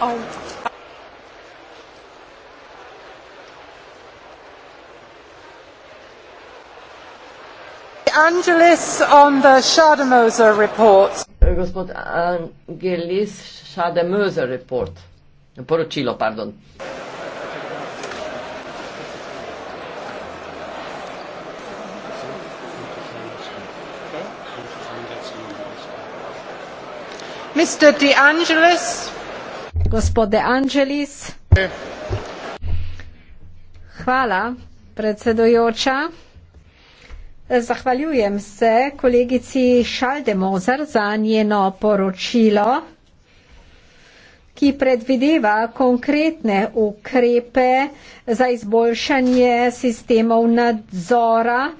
Oh. Angelis on the Schademoser report. Gospod Angelis Schademoser report. Poročilo, pardon. Mr. De Angelis gospode Angelis. Hvala, predsedujoča. Zahvaljujem se kolegici Šaldemozar za njeno poročilo, ki predvideva konkretne ukrepe za izboljšanje sistemov nadzora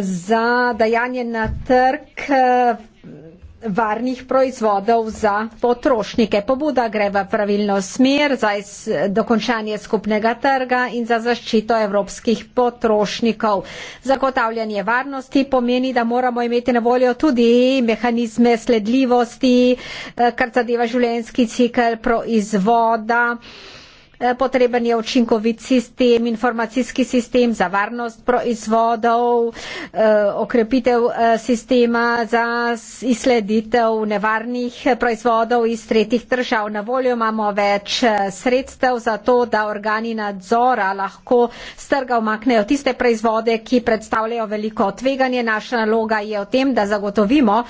za dajanje na trg varnih proizvodov za potrošnike. Pobuda gre v pravilno smer za dokončanje skupnega trga in za zaščito evropskih potrošnikov. Zagotavljanje varnosti pomeni, da moramo imeti na voljo tudi mehanizme sledljivosti, eh, kar zadeva življenjski cikl proizvoda. Eh, potreben je učinkovit sistem, informacijski sistem za varnost proizvodov, eh, okrepitev eh, sistema za izsleditev nevarnih proizvodov iz tretjih držav. Na voljo imamo več sredstev za to, da organi nadzora lahko strga omaknejo tiste proizvode, ki predstavljajo veliko tveganje. Naša naloga je v tem, da zagotovimo,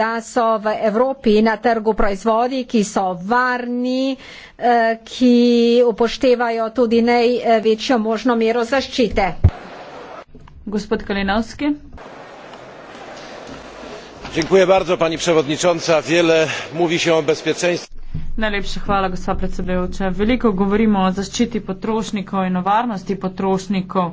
da so v Evropi na trgu proizvodi, ki so varni, ki upoštevajo tudi največjo možno mero zaščite. Gospod Kalinowski. Dziękuję bardzo pani przewodnicząca. Wiele mówi się o bezpieczeństwie. Najlepša hvala, gospa predsedujoča. Veliko govorimo o zaščiti potrošnikov in o varnosti potrošnikov,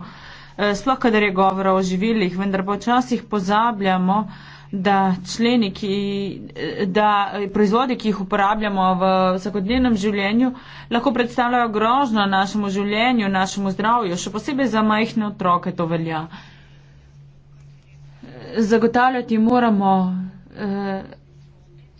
eh, sploh kadar je govora o živilih, vendar pa včasih pozabljamo, da členi, ki, da proizvodi, ki jih uporabljamo v vsakodnevnem življenju, lahko predstavljajo grožno našemu življenju, našemu zdravju, še posebej za majhne otroke to velja. Zagotavljati moramo eh,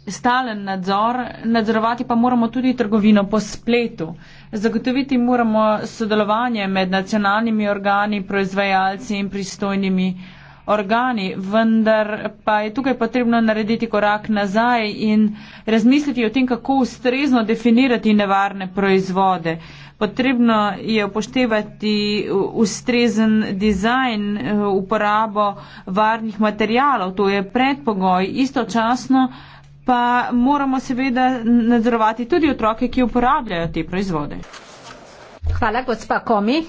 stalen nadzor, nadzorovati pa moramo tudi trgovino po spletu. Zagotoviti moramo sodelovanje med nacionalnimi organi, proizvajalci in pristojnimi. Eh, organi, vendar pa je tukaj potrebno narediti korak nazaj in razmisliti o tem, kako ustrezno definirati nevarne proizvode. Potrebno je upoštevati ustrezen dizajn, eh, uporabo varnih materijalov, to je predpogoj. Istočasno pa moramo seveda nadzorovati tudi otroke, ki uporabljajo te proizvode. Hvala, gospa Komi.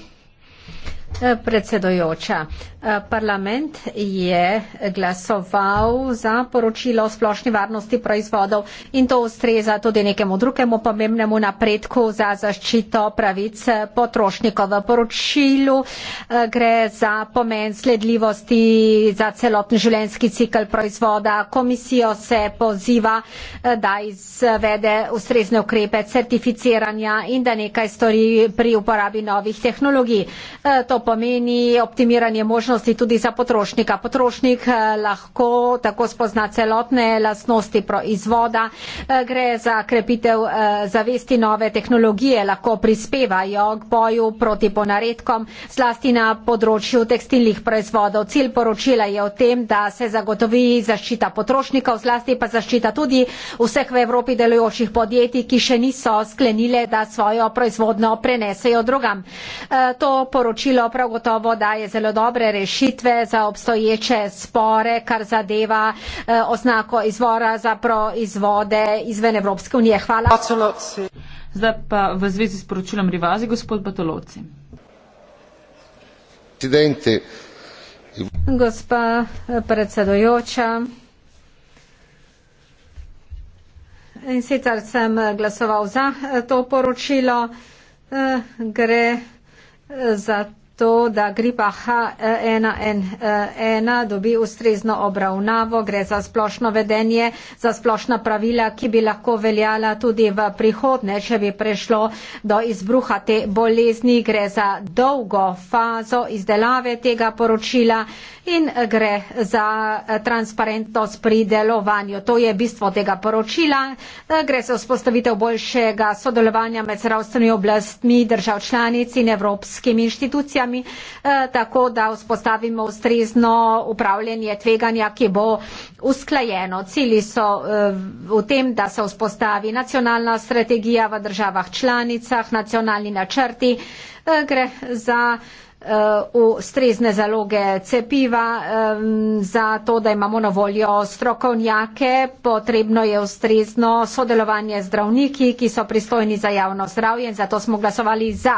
Eh, predsedujoča, eh, parlament je glasoval za poročilo o splošni varnosti proizvodov in to ustreza tudi nekemu drugemu pomembnemu napredku za zaščito pravic eh, potrošnikov. V poročilu gre za pomen sledljivosti za celoten življenjski cikl proizvoda. Komisijo se poziva, da izvede ustrezne ukrepe certificiranja in da nekaj stori pri uporabi novih tehnologij. To pomeni optimiranje možnosti tudi za potrošnika. Potrošnik eh, lahko tako spozna celotne lastnosti proizvoda, eh, gre za krepitev eh, zavesti nove tehnologije, lahko prispevajo k boju proti ponaredkom, zlasti na področju tekstilnih proizvodov. Cilj poročila je o tem, da se zagotovi zaščita potrošnikov, zlasti pa zaščita tudi vseh v Evropi delujočih podjetij, ki še niso sklenile, da svojo proizvodno prenesejo drugam. To poročilo prav gotovo daje zelo dobre rešitve za obstoječe spore, kar zadeva eh, oznako izvora za proizvode izven Evropske unije. Hvala. Bataloci. Zdaj pa v zvezi s poročilom Rivazi, gospod Bataloci. Presidente. Gospa eh, predsedojoča. In sicer sem eh, glasoval za eh, to poročilo. Gre za to, da gripa H1N1 e e dobi ustrezno obravnavo, gre za splošno vedenje, za splošna pravila, ki bi lahko veljala tudi v prihodne, če bi prišlo do izbruha te bolezni, gre za dolgo fazo izdelave tega poročila in gre za eh, transparentnost pri delovanju. To je bistvo tega poročila. Eh, gre za vzpostavitev boljšega sodelovanja med zdravstvenimi oblastmi držav članic in evropskimi inštitucijami tveganjami, eh, tako da vzpostavimo ustrezno upravljanje tveganja, ki bo usklajeno. Cili so eh, v tem, da se vzpostavi nacionalna strategija v državah članicah, nacionalni načrti, eh, gre za ustrezne zaloge cepiva, za to, da imamo na voljo strokovnjake, potrebno je ustrezno sodelovanje z zdravniki, ki so pristojni za javno zdravje in zato smo glasovali za.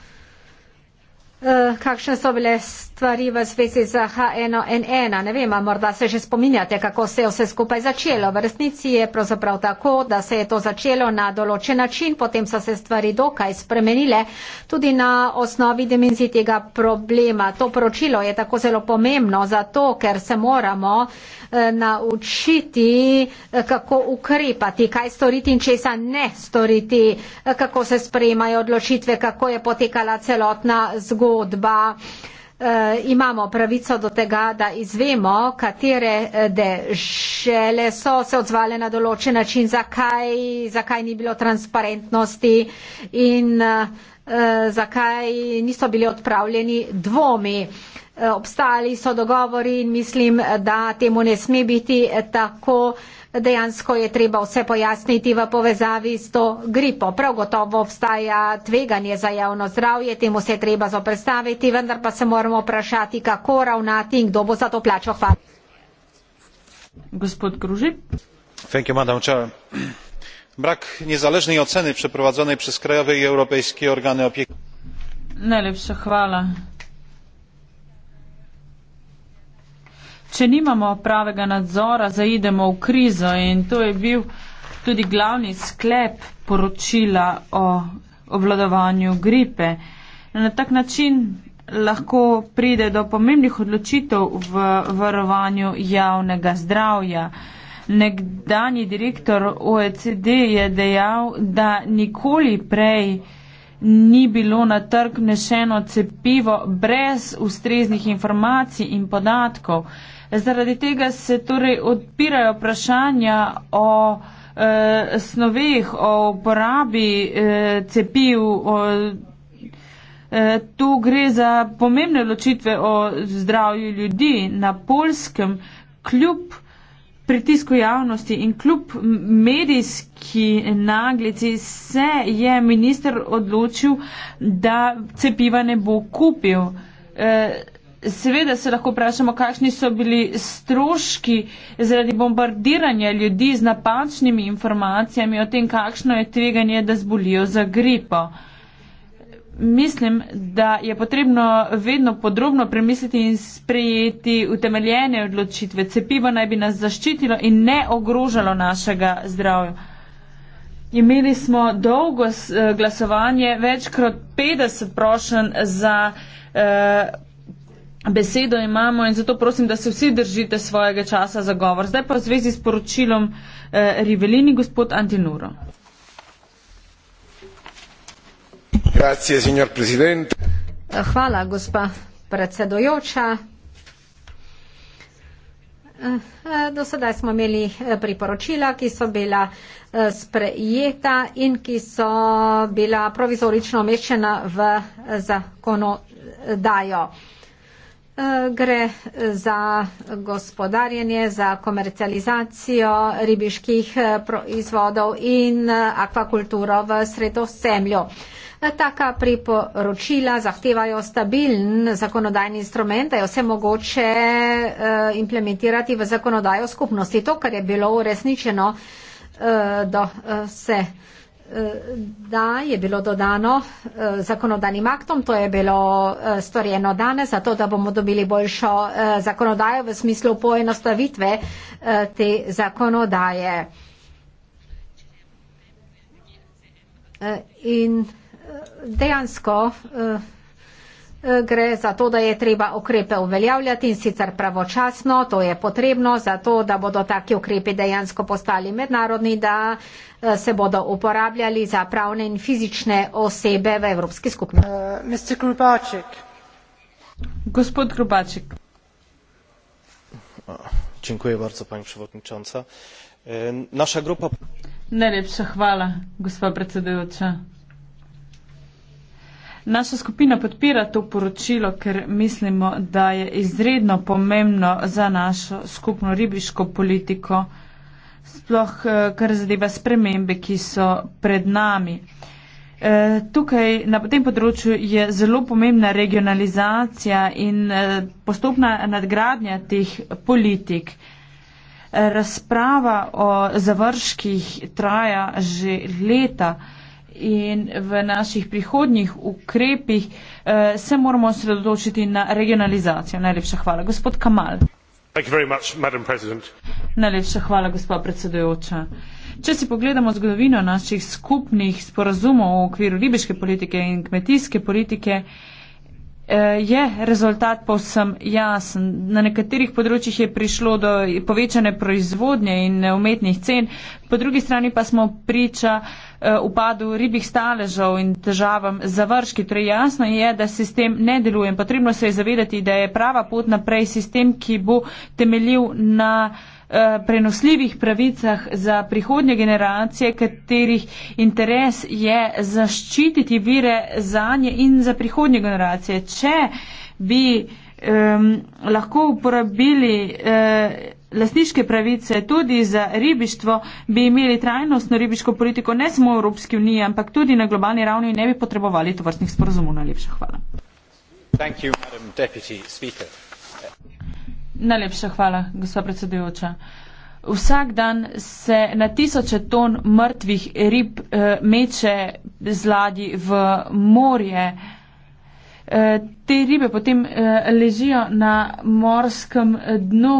Eh, kakšne so bile stvari v zvezi z H1N1. Ne vem, morda se že spominjate, kako se je vse skupaj začelo. V resnici je pravzaprav tako, da se je to začelo na določen način, potem so se stvari dokaj spremenile tudi na osnovi dimenzij tega problema. To poročilo je tako zelo pomembno zato, ker se moramo eh, naučiti, eh, kako ukrepati, kaj storiti in česa ne storiti, kako se sprejmajo odločitve, kako je potekala celotna zgodba zgodba. E, imamo pravico do tega, da izvemo, katere eh, dežele so se odzvale na določen način, zakaj, zakaj ni bilo transparentnosti in e, zakaj niso bili odpravljeni dvomi. E, obstali so dogovori in mislim, da temu ne sme biti tako. E, dejansko je treba vse pojasniti v povezavi s to gripo. Prav gotovo obstaja tveganje za javno zdravje, temu se je treba zoprstaviti, vendar pa se moramo vprašati, kako ravnati in kdo bo za to plačo. Hvala. Gospod Gruži. Thank you, madam chair. Brak niezależnej oceny przeprowadzonej przez krajowe i europejskie organy opieki. Najlepsza chwała. če nimamo pravega nadzora, zaidemo v krizo in to je bil tudi glavni sklep poročila o obvladovanju gripe. Na tak način lahko pride do pomembnih odločitev v varovanju javnega zdravja. Nekdani direktor OECD je dejal, da nikoli prej ni bilo na trg nešeno cepivo brez ustreznih informacij in podatkov. Zaradi tega se torej odpirajo vprašanja o eh, snoveh, o uporabi eh, cepiv. O, e, Tu gre za pomembne ločitve o zdravju ljudi na polskem, kljub pritisku javnosti in kljub medijski naglici se je minister odločil, da cepiva ne bo kupil. E, Seveda se lahko vprašamo, kakšni so bili stroški zaradi bombardiranja ljudi z napačnimi informacijami o tem, kakšno je tveganje, da zbolijo za gripo. Mislim, da je potrebno vedno podrobno premisliti in sprejeti utemeljene odločitve. Cepivo naj bi nas zaščitilo in ne ogrožalo našega zdravja. Imeli smo dolgo eh, glasovanje, večkrat 50 prošen za. Uh, besedo imamo in zato prosim, da se vsi držite svojega časa za govor. Zdaj pa v zvezi s poročilom eh, Rivelini, gospod Antinuro. Grazie, signor Presidente. Eh, hvala, gospa predsedojoča. Eh, eh, do sedaj smo imeli priporočila, ki so bila sprejeta in ki so bila provizorično omeščena v zakonodajo gre za gospodarjenje, za komercializacijo ribiških eh, proizvodov in eh, akvakulturo v sredozemlju. Eh, taka priporočila zahtevajo stabilen zakonodajni instrument, da je vse mogoče implementirati v zakonodajo skupnosti. To, kar je bilo uresničeno, da se da je bilo dodano eh, zakonodajnim aktom, to je bilo eh, storjeno danes, zato da bomo dobili boljšo eh, zakonodajo v smislu poenostavitve te zakonodaje. In dejansko Eh, gre za to, da je treba ukrepe uveljavljati in sicer pravočasno, to je potrebno za to, da bodo taki ukrepi dejansko postali mednarodni, da eh, se bodo uporabljali za pravne in fizične osebe v Evropski skupnosti. Uh, Gospod Grubaček. Dziękuję bardzo, pani przewodnicząca. E, nasza grupa. Najlepsza chwała, gospa przewodnicząca. Naša skupina podpira to poročilo, ker mislimo, da je izredno pomembno za našo skupno ribiško politiko, sploh eh, kar zadeva spremembe, ki so pred nami. Eh, tukaj na tem področju je zelo pomembna regionalizacija in eh, postopna nadgradnja teh politik. Razprava o završkih traja že leta in v naših prihodnjih ukrepih eh, se moramo osredotočiti na regionalizacijo. Najlepša hvala. Gospod Kamal. Much, Najlepša hvala, gospod predsedujoča. Če si pogledamo zgodovino naših skupnih sporazumov v okviru ribiške politike in kmetijske politike, Eh, je rezultat povsem jasen. Na nekaterih področjih je prišlo do povečane proizvodnje in umetnih cen, po drugi strani pa smo priča eh, upadu ribih staležev in težavam završki. Torej jasno je, da sistem ne deluje in potrebno se je zavedati, da je prava pot naprej sistem, ki bo temeljil na Eh, prenosljivih pravicah za prihodnje generacije, katerih interes je zaščititi vire za nje in za prihodnje generacije. Če bi um, lahko uporabili uh, eh, lasniške pravice tudi za ribištvo, bi imeli trajnostno ribiško politiko ne samo v Evropski uniji, ampak tudi na globalni ravni in ne bi potrebovali tovrstnih sporozumov. Najlepša hvala. Thank you, Madam Deputy Speaker. Najlepša hvala, gospa predsedujoča. Vsak dan se na tisoče ton mrtvih rib eh, meče z ladji v morje. Eh, te ribe potem eh, ležijo na morskem dnu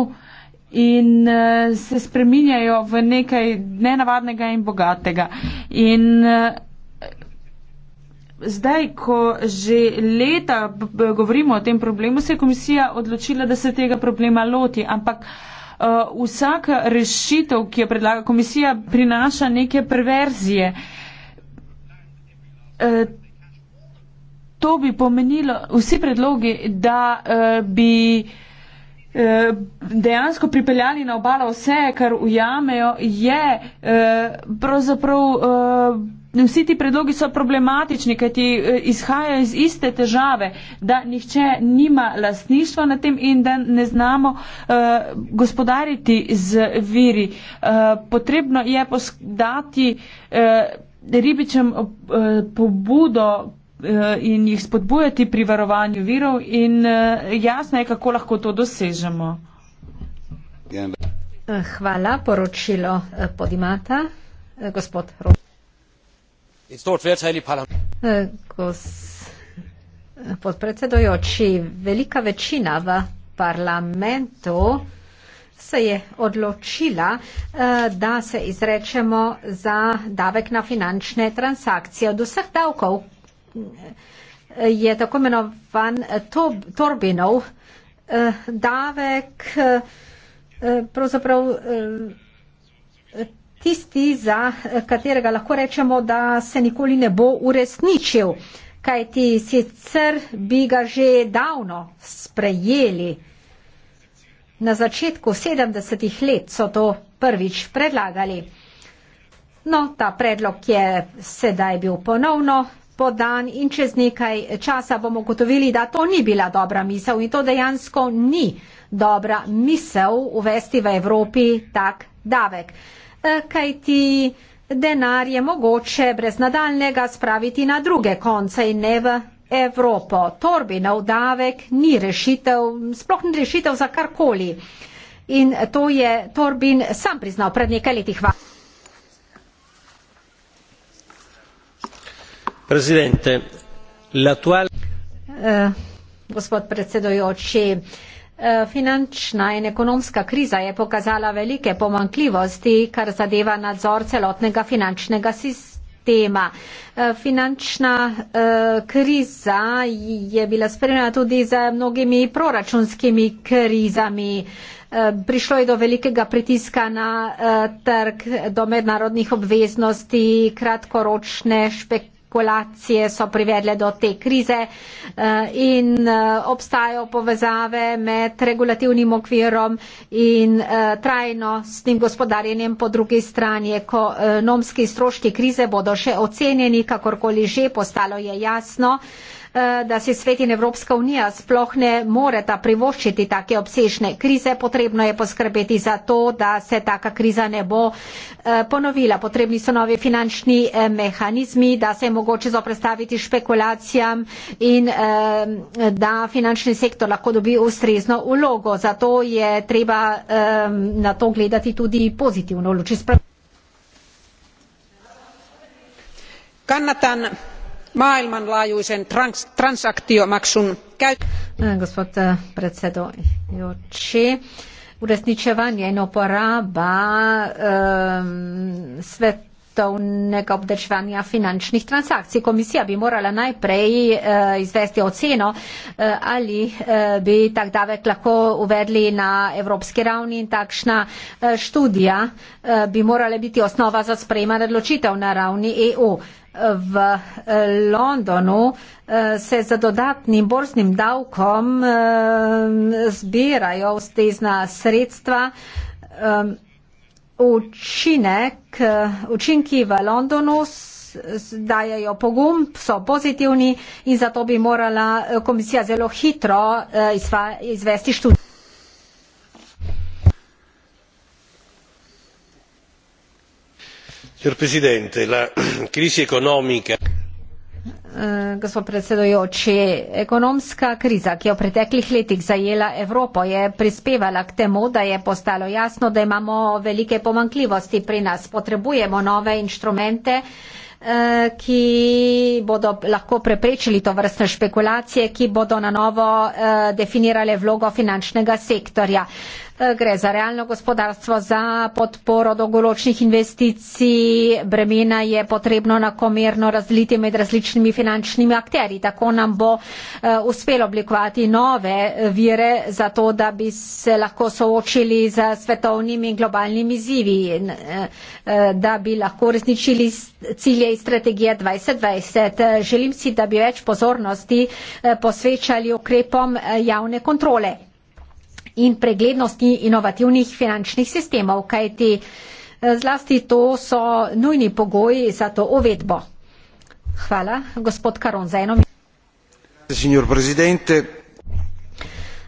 in eh, se spreminjajo v nekaj nenavadnega in bogatega. In Zdaj, ko že leta govorimo o tem problemu, se je komisija odločila, da se tega problema loti, ampak uh, vsaka rešitev, ki jo predlaga komisija, prinaša neke perverzije. Uh, to bi pomenilo vsi predlogi, da uh, bi. Eh, dejansko pripeljali na obalo vse, kar ujamejo, je eh, pravzaprav. Eh, vsi ti predlogi so problematični, ker ti izhajajo iz iste težave, da nihče nima lastništva na tem in da ne znamo uh, gospodariti z viri. Uh, potrebno je poskdati uh, ribičem uh, pobudo, Eh, in jih spodbujati pri varovanju virov in eh, jasno je, kako lahko to dosežemo. Eh, hvala, poročilo podimata, gospod Rok. Podpredsedojoči, velika večina v parlamentu se je odločila, da se izrečemo za davek na finančne transakcije. Od vseh davkov, je tako imenovan tob, Torbinov eh, davek, eh, eh, pravzaprav tisti, za katerega lahko rečemo, da se nikoli ne bo uresničil, kaj ti sicer bi ga že davno sprejeli. Na začetku 70-ih let so to prvič predlagali. No, ta predlog je sedaj bil ponovno gospod Dan in čez nekaj časa bomo gotovili, da to ni bila dobra misel in to dejansko ni dobra misel uvesti v Evropi tak davek. Eh, Kaj ti denar je mogoče brez nadaljnega spraviti na druge konce in ne v Evropo. Torbinov davek ni rešitev, sploh ni rešitev za karkoli. In to je Torbin sam priznal pred nekaj leti. Hvala. Eh, gospod predsedojoči, eh, finančna in ekonomska kriza je pokazala velike pomankljivosti, kar zadeva nadzor celotnega finančnega sistema. Eh, finančna kriza je bila spremljena tudi z mnogimi proračunskimi krizami. Prišlo je do velikega pritiska na trg, do mednarodnih obveznosti, kratkoročne špekulacije kolacije so privedle do te krize eh, in eh, obstajajo povezave med regulativnim okvirom in eh, trajno s tem gospodarjenjem. Po drugi strani ekonomski stroški krize bodo še ocenjeni, kakorkoli že postalo je jasno. Eh, da si svet in Evropska unija sploh ne moreta privoščiti take obsežne krize. Potrebno je poskrbeti za to, da se taka kriza ne bo eh, ponovila. Potrebni so novi finančni eh, mehanizmi, da se je mogoče zoprestaviti špekulacijam in da finančni sektor lahko dobi ustrezno ulogo. Zato je treba na to gledati tudi pozitivno v luči spremljanja. Kannatan maailmanlaajuisen transaktiomaksun eh, eh, ehm, svetovnega obdržovanja finančnih transakcij. Komisija bi morala najprej eh, izvesti oceno, ali bi tak davek lahko uvedli na evropski ravni in takšna študija bi morala biti osnova za sprejemanje odločitev na ravni EU v eh, Londonu eh, se za dodatnim borznim davkom eh, zbirajo ustezna sredstva. Učinek, učinki v Londonu dajajo pogum, so pozitivni in zato bi morala komisija zelo hitro izvesti študijo. Eh, gospod predsedujoči ekonomska kriza ki je v preteklih letih zajela evropo je prispevala k temu da je postalo jasno da imamo velike pomankljivosti pri nas potrebujemo nove inštrumente eh, ki bodo lahko preprečili to vrstne špekulacije, ki bodo na novo eh, definirale vlogo finančnega sektorja. Eh, gre za realno gospodarstvo, za podporo dolgoročnih investicij, bremena je potrebno nakomerno razliti med različnimi finančnimi akteri. Tako nam bo eh, uspelo oblikovati nove eh, vire za to, da bi se lahko soočili z svetovnimi in globalnimi zivi, da bi lahko resničili cilje iz strategije 2020. Želim si, da bi več pozornosti posvečali ukrepom javne kontrole in preglednosti inovativnih finančnih sistemov, kajti eh, zlasti to so nujni pogoji za to uvedbo. Hvala, gospod Karon, za eno minuto.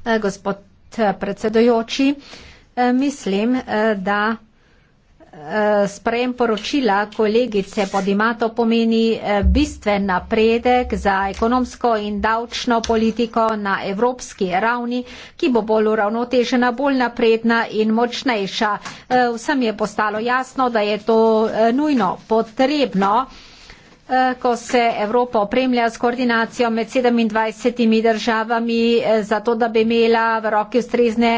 Eh, gospod eh, predsedujoči, mislim, da sprejem poročila kolegice Podimato pomeni eh, bistven napredek za ekonomsko in davčno politiko na evropski ravni, ki bo bolj uravnotežena, bolj napredna in močnejša. Eh, vsem je postalo jasno, da je to eh, nujno potrebno ko se Evropa opremlja s koordinacijo med 27 državami, zato da bi imela v roki ustrezne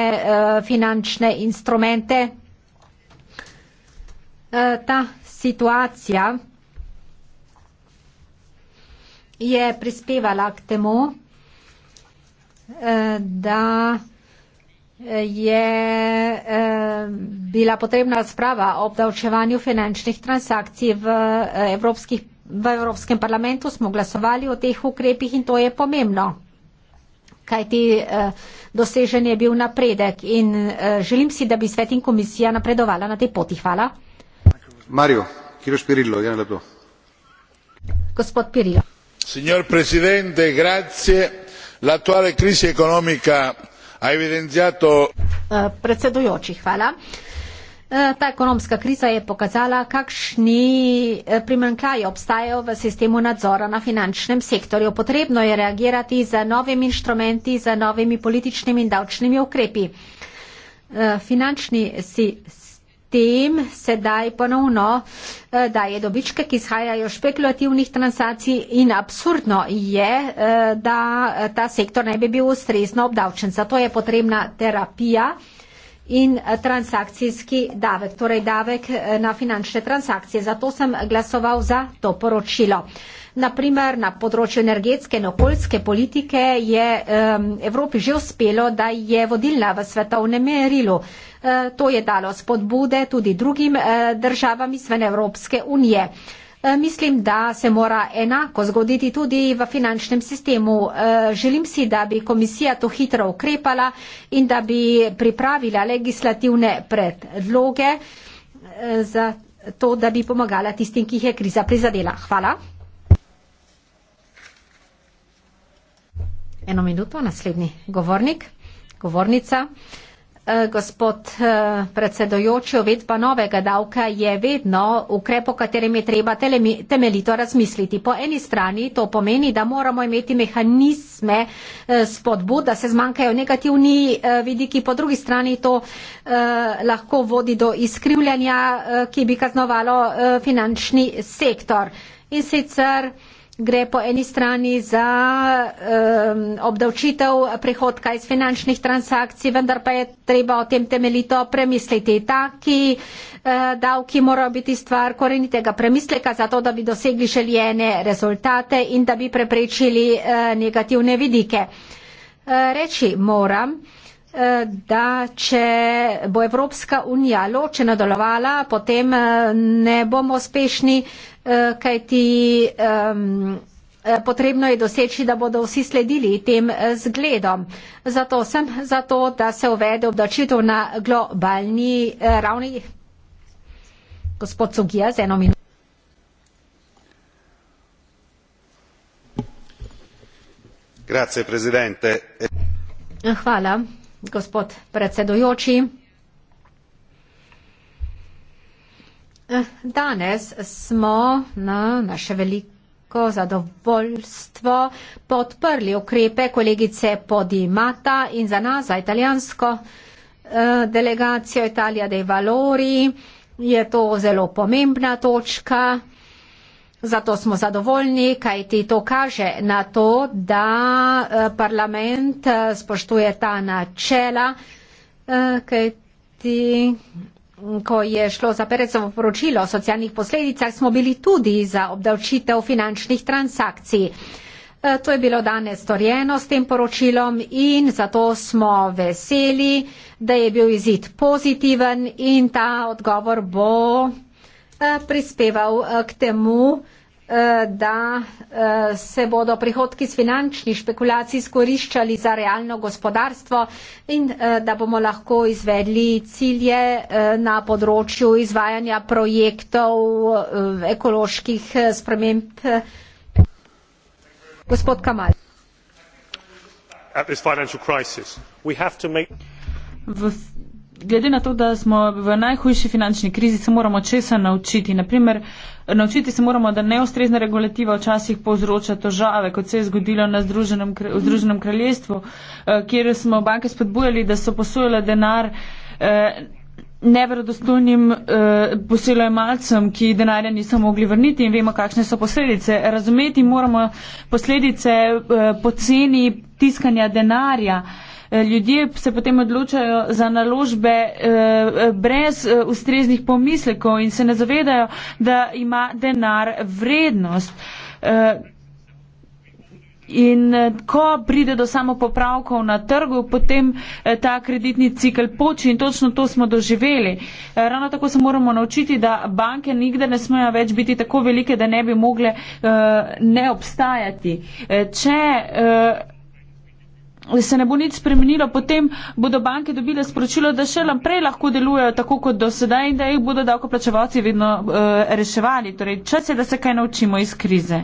finančne instrumente Eh, ta situacija je prispevala k temu, eh, da je eh, bila potrebna sprava o obdavčevanju finančnih transakcij v, evropskih, v Evropskem parlamentu. Smo glasovali o teh ukrepih in to je pomembno, kajti dosežen je bil napredek in želim si, da bi svet in komisija napredovala na tej poti. Hvala signor presidente onorevoli colleghi l'attuale crisi economica ha evidenziato. Eh, predsedujoči hvala eh, ta ekonomska kriza je pokazala kakšni eh, primanjkljaji obstajajo v sistemu nadzora na finančnem sektorju potrebno je reagirati z novimi inštrumenti z novimi političnimi in davčnimi ukrepi. finančni si, tem sedaj ponovno eh, daje dobičke, ki izhajajo špekulativnih transakcij in absurdno je, eh, da eh, ta sektor ne bi bil ustrezno obdavčen. Zato je potrebna terapija in transakcijski davek, torej davek na finančne transakcije. Zato sem glasoval za to poročilo. Naprimer, na področju energetske in okoljske politike je Evropi že uspelo, da je vodilna v svetovnem merilu. E, to je dalo spodbude tudi drugim e, državam izven Evropske unije. E, mislim, da se mora enako zgoditi tudi v finančnem sistemu. Želim si, da bi komisija to hitro ukrepala in da bi pripravila legislativne predloge za to, da bi pomagala tistim, ki jih je kriza prizadela. Hvala. eno minuto, naslednji govornik, govornica. Eh, gospod eh, predsedojoči, uvedba novega davka je vedno ukrep, o katerem je treba temeljito razmisliti. Po eni strani to pomeni, da moramo imeti mehanizme eh, spodbud, da se zmanjkajo negativni vidiki, po drugi strani to lahko vodi do izkrivljanja, ki bi kaznovalo finančni sektor. In sicer gre po eni strani za um, obdavčitev prihodka iz finančnih transakcij, vendar pa je treba o tem temeljito premisliti. Taki uh, davki morajo biti stvar korenitega premisleka za to, da bi dosegli željene rezultate in da bi preprečili uh, negativne vidike. Uh, reči moram da če bo Evropska unija ločena delovala, potem ne bomo uspešni, Eh, kajti eh, potrebno je doseči, da bodo vsi sledili tem eh, zgledom. Zato sem za to, da se uvede obdočitev na globalni ravni. Gospod Sugija, z eno minuto. Grazie, Hvala, gospod predsedujoči. Danes smo na naše veliko zadovoljstvo podprli ukrepe kolegice Podimata in za nas, za italijansko eh, delegacijo Italija dei Valori, je to zelo pomembna točka. Zato smo zadovoljni, kaj ti to kaže na to, da eh, parlament eh, spoštuje ta načela, kaj ti ko je šlo za Perecovo poročilo o socialnih posledicah, smo bili tudi za obdavčitev finančnih transakcij. E, to je bilo danes storjeno s tem poročilom in zato smo veseli, da je bil izid pozitiven in ta odgovor bo e, prispeval e, k temu, Eh, da eh, se bodo prihodki z finančnih špekulacij skoriščali za realno gospodarstvo in eh, da bomo lahko izvedli cilje na področju izvajanja projektov ekoloških sprememb. Gospod Kamal. V glede na to, da smo v najhujši finančni krizi, se moramo česa naučiti. Naprimer, naučiti se moramo, da neustrezna regulativa včasih povzroča težave, kot se je zgodilo Združenem, v Združenem kraljestvu, eh, kjer smo banke spodbujali, da so posojale denar eh, neverodostojnim eh, posojilojemalcem, ki denarja niso mogli vrniti in vemo, kakšne so posledice. Razumeti moramo posledice poceni tiskanja denarja ljudje se potem odločajo za naložbe eh, brez eh, ustreznih pomislekov in se ne zavedajo, da ima denar vrednost. Eh, in ko pride do samopopravkov na trgu, potem ta kreditni cikl poči in točno to smo doživeli. Ravno tako se moramo naučiti, da banke nikde ne smejo več biti tako velike, da ne bi mogle ne obstajati. Če se ne bo nič spremenilo, potem bodo banke dobile sporočilo, da še naprej lahko delujejo tako kot do sedaj in da jih bodo davkoplačevalci vedno uh, reševali. Torej, čas je, da se kaj naučimo iz krize.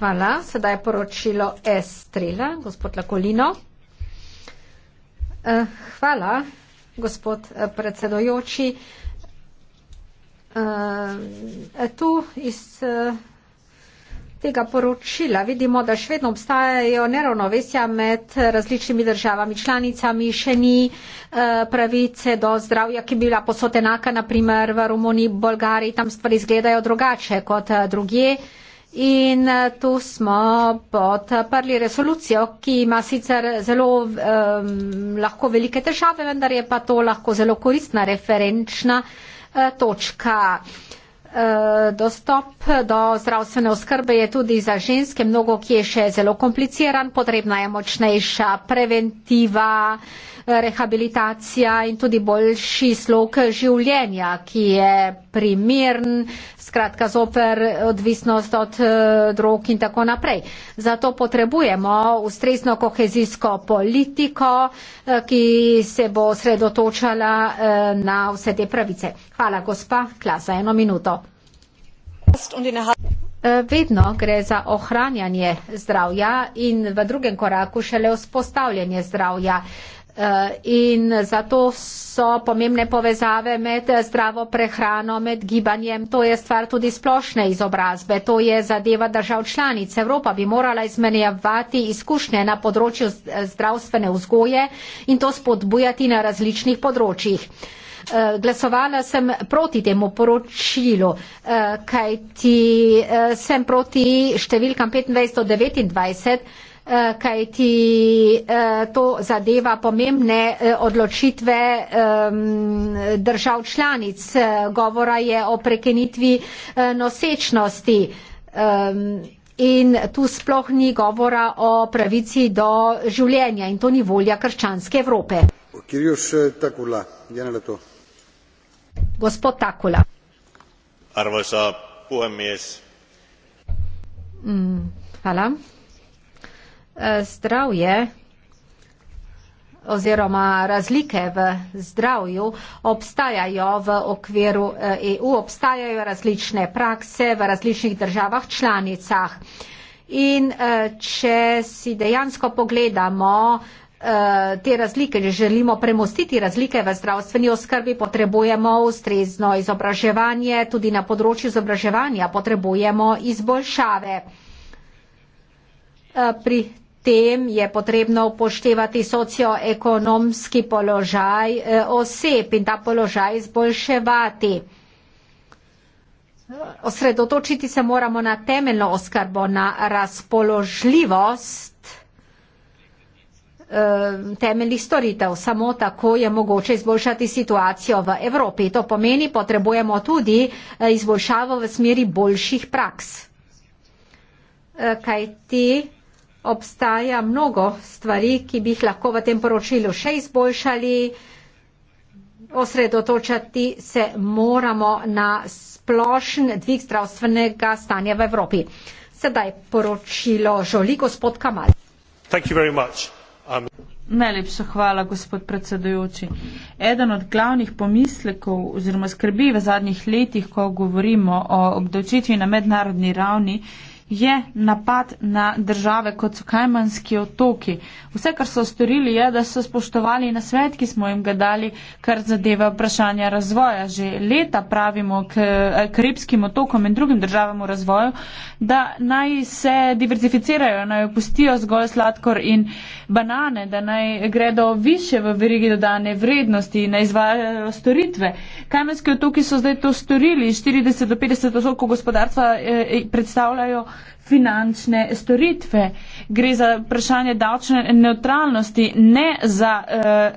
Hvala. Sedaj je poročilo Estrela, gospod Lakolino. Uh, eh, hvala, gospod eh, predsedojoči. Uh, tu iz. Uh, tega poročila vidimo, da še vedno obstajajo neravnovesja med različnimi državami članicami, še ni eh, pravice do zdravja, ki bi bila posod enaka, naprimer v Romuniji, Bolgariji, tam stvari izgledajo drugače kot eh, druge. In eh, tu smo podprli resolucijo, ki ima sicer zelo um, lahko velike težave, vendar je pa to lahko zelo koristna referenčna uh, točka. Uh, Eh, dostop do zdravstvene oskrbe je tudi za ženske mnogo, ki je še zelo kompliciran, potrebna je močnejša preventiva, rehabilitacija in tudi boljši slog življenja, ki je primern, skratka zoper odvisnost od eh, drog in tako naprej. Zato potrebujemo ustrezno kohezijsko politiko, eh, ki se bo sredotočala eh, na vse te pravice. Hvala, gospa Klasa, eno minuto. Vedno gre za ohranjanje zdravja in v drugem koraku šele vzpostavljanje zdravja. Eh, in zato so pomembne povezave med eh, zdravo prehrano, med gibanjem, to je stvar tudi splošne izobrazbe, to je zadeva držav članic. Evropa bi morala izmenjevati izkušnje na področju eh, zdravstvene vzgoje in to spodbujati na različnih področjih. Glasovala sem proti temu poročilu, kajti sem proti številkam 25 do 29. Eh, kaj ti eh, to zadeva pomembne eh, odločitve držav članic. Govora je o prekenitvi nosečnosti. In tu sploh ni govora o pravici do življenja in to ni volja krščanske Evrope. Gospod Takula. Arvoisa puhemies. Mm, hvala. Eh, zdravje oziroma razlike v zdravju obstajajo v okviru EU, eh, e obstajajo različne prakse v različnih državah članicah. In eh, če si dejansko pogledamo te razlike, če želimo premostiti razlike v zdravstveni oskrbi, potrebujemo ustrezno izobraževanje, tudi na področju izobraževanja potrebujemo izboljšave. Pri tem je potrebno upoštevati socioekonomski položaj eh, oseb in ta položaj izboljševati. Osredotočiti se moramo na temeljno oskrbo, na razpoložljivost eh, temeljnih storitev. Samo tako je mogoče izboljšati situacijo v Evropi. To pomeni, potrebujemo tudi eh, izboljšavo v smeri boljših praks. Kaj ti? obstaja mnogo stvari, ki bi jih lahko v tem poročilu še izboljšali. Osredotočati se moramo na splošen dvig zdravstvenega stanja v Evropi. Sedaj poročilo žoli gospod Kamal. Um, Najlepša hvala, gospod predsedujoči. Eden od glavnih pomislekov oziroma skrbi v zadnjih letih, ko govorimo o obdavčitvi na mednarodni ravni, je napad na države, kot so Kajmanski otoki. Vse, kar so storili, je, da so spoštovali nasvet, ki smo jim ga dali, kar zadeva vprašanja razvoja. Že leta pravimo k eh, karibskim otokom in drugim državam v razvoju, da naj se diverzificirajo, naj opustijo zgolj sladkor in banane, da naj gredo više v verigi dodane vrednosti in naj izvajajo storitve. Kajmanski otoki so zdaj to storili, 40 do 50 otokov gospodarstva eh, eh, predstavljajo, finančne storitve. Gre za vprašanje davčne neutralnosti, ne za eh,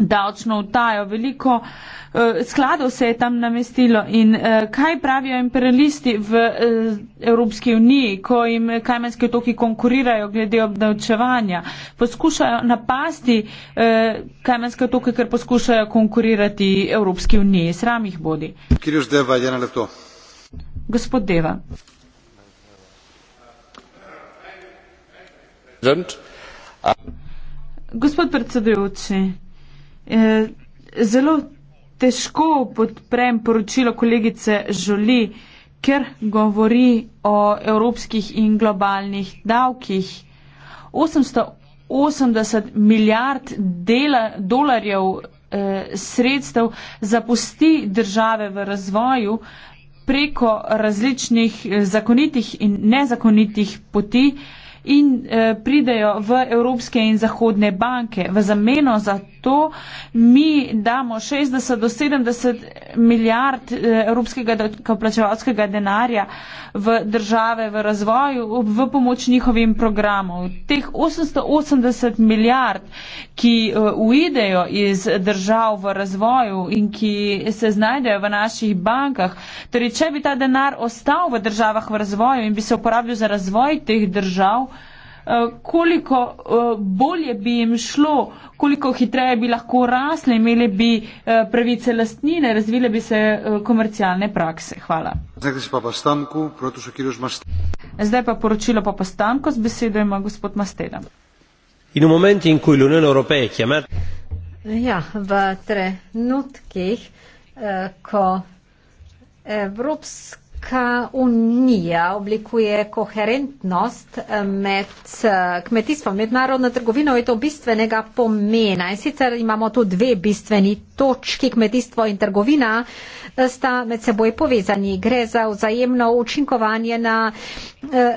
davčno utajo. Veliko eh, skladov se je tam namestilo in eh, kaj pravijo imperialisti v eh, Evropski uniji, ko jim kajmenski otoki konkurirajo glede obdavčevanja. Poskušajo napasti eh, kajmenski otoki, ker poskušajo konkurirati Evropski uniji. Sram jih bodi. Gospod Deva. sind. Gospod predsedujoči, eh, zelo težko podprem poročilo kolegice Žoli, ker govori o evropskih in globalnih davkih. 880 milijard dela, dolarjev eh, sredstev zapusti države v razvoju preko različnih eh, zakonitih in nezakonitih poti. Eh, in eh, pridejo v evropske in zahodne banke. V zameno za to mi damo 60 do 70 milijard eh, evropskega plačevalskega denarja v države v razvoju v pomoč njihovim programom. Teh 880 milijard, ki eh, uidejo iz držav v razvoju in ki se znajdejo v naših bankah, torej če bi ta denar ostal v državah v razvoju in bi se uporabil za razvoj teh držav, Eh, koliko eh, bolje bi jim šlo, koliko hitreje bi lahko rasle, imeli bi eh, pravice lastnine, razvile bi se komercialne prakse. Hvala. Zdaj pa poročilo pa postanko, z besedo ima gospod Masteda. In v momenti, in ko je Unija Evropeja kjemet. Ja, v trenutkih, ko Evropska Evropska unija oblikuje koherentnost eh, med eh, kmetijstvom, mednarodno trgovino je to bistvenega pomena. In sicer imamo tu dve bistveni točki, kmetijstvo in trgovina eh, sta med seboj povezani. Gre za vzajemno učinkovanje na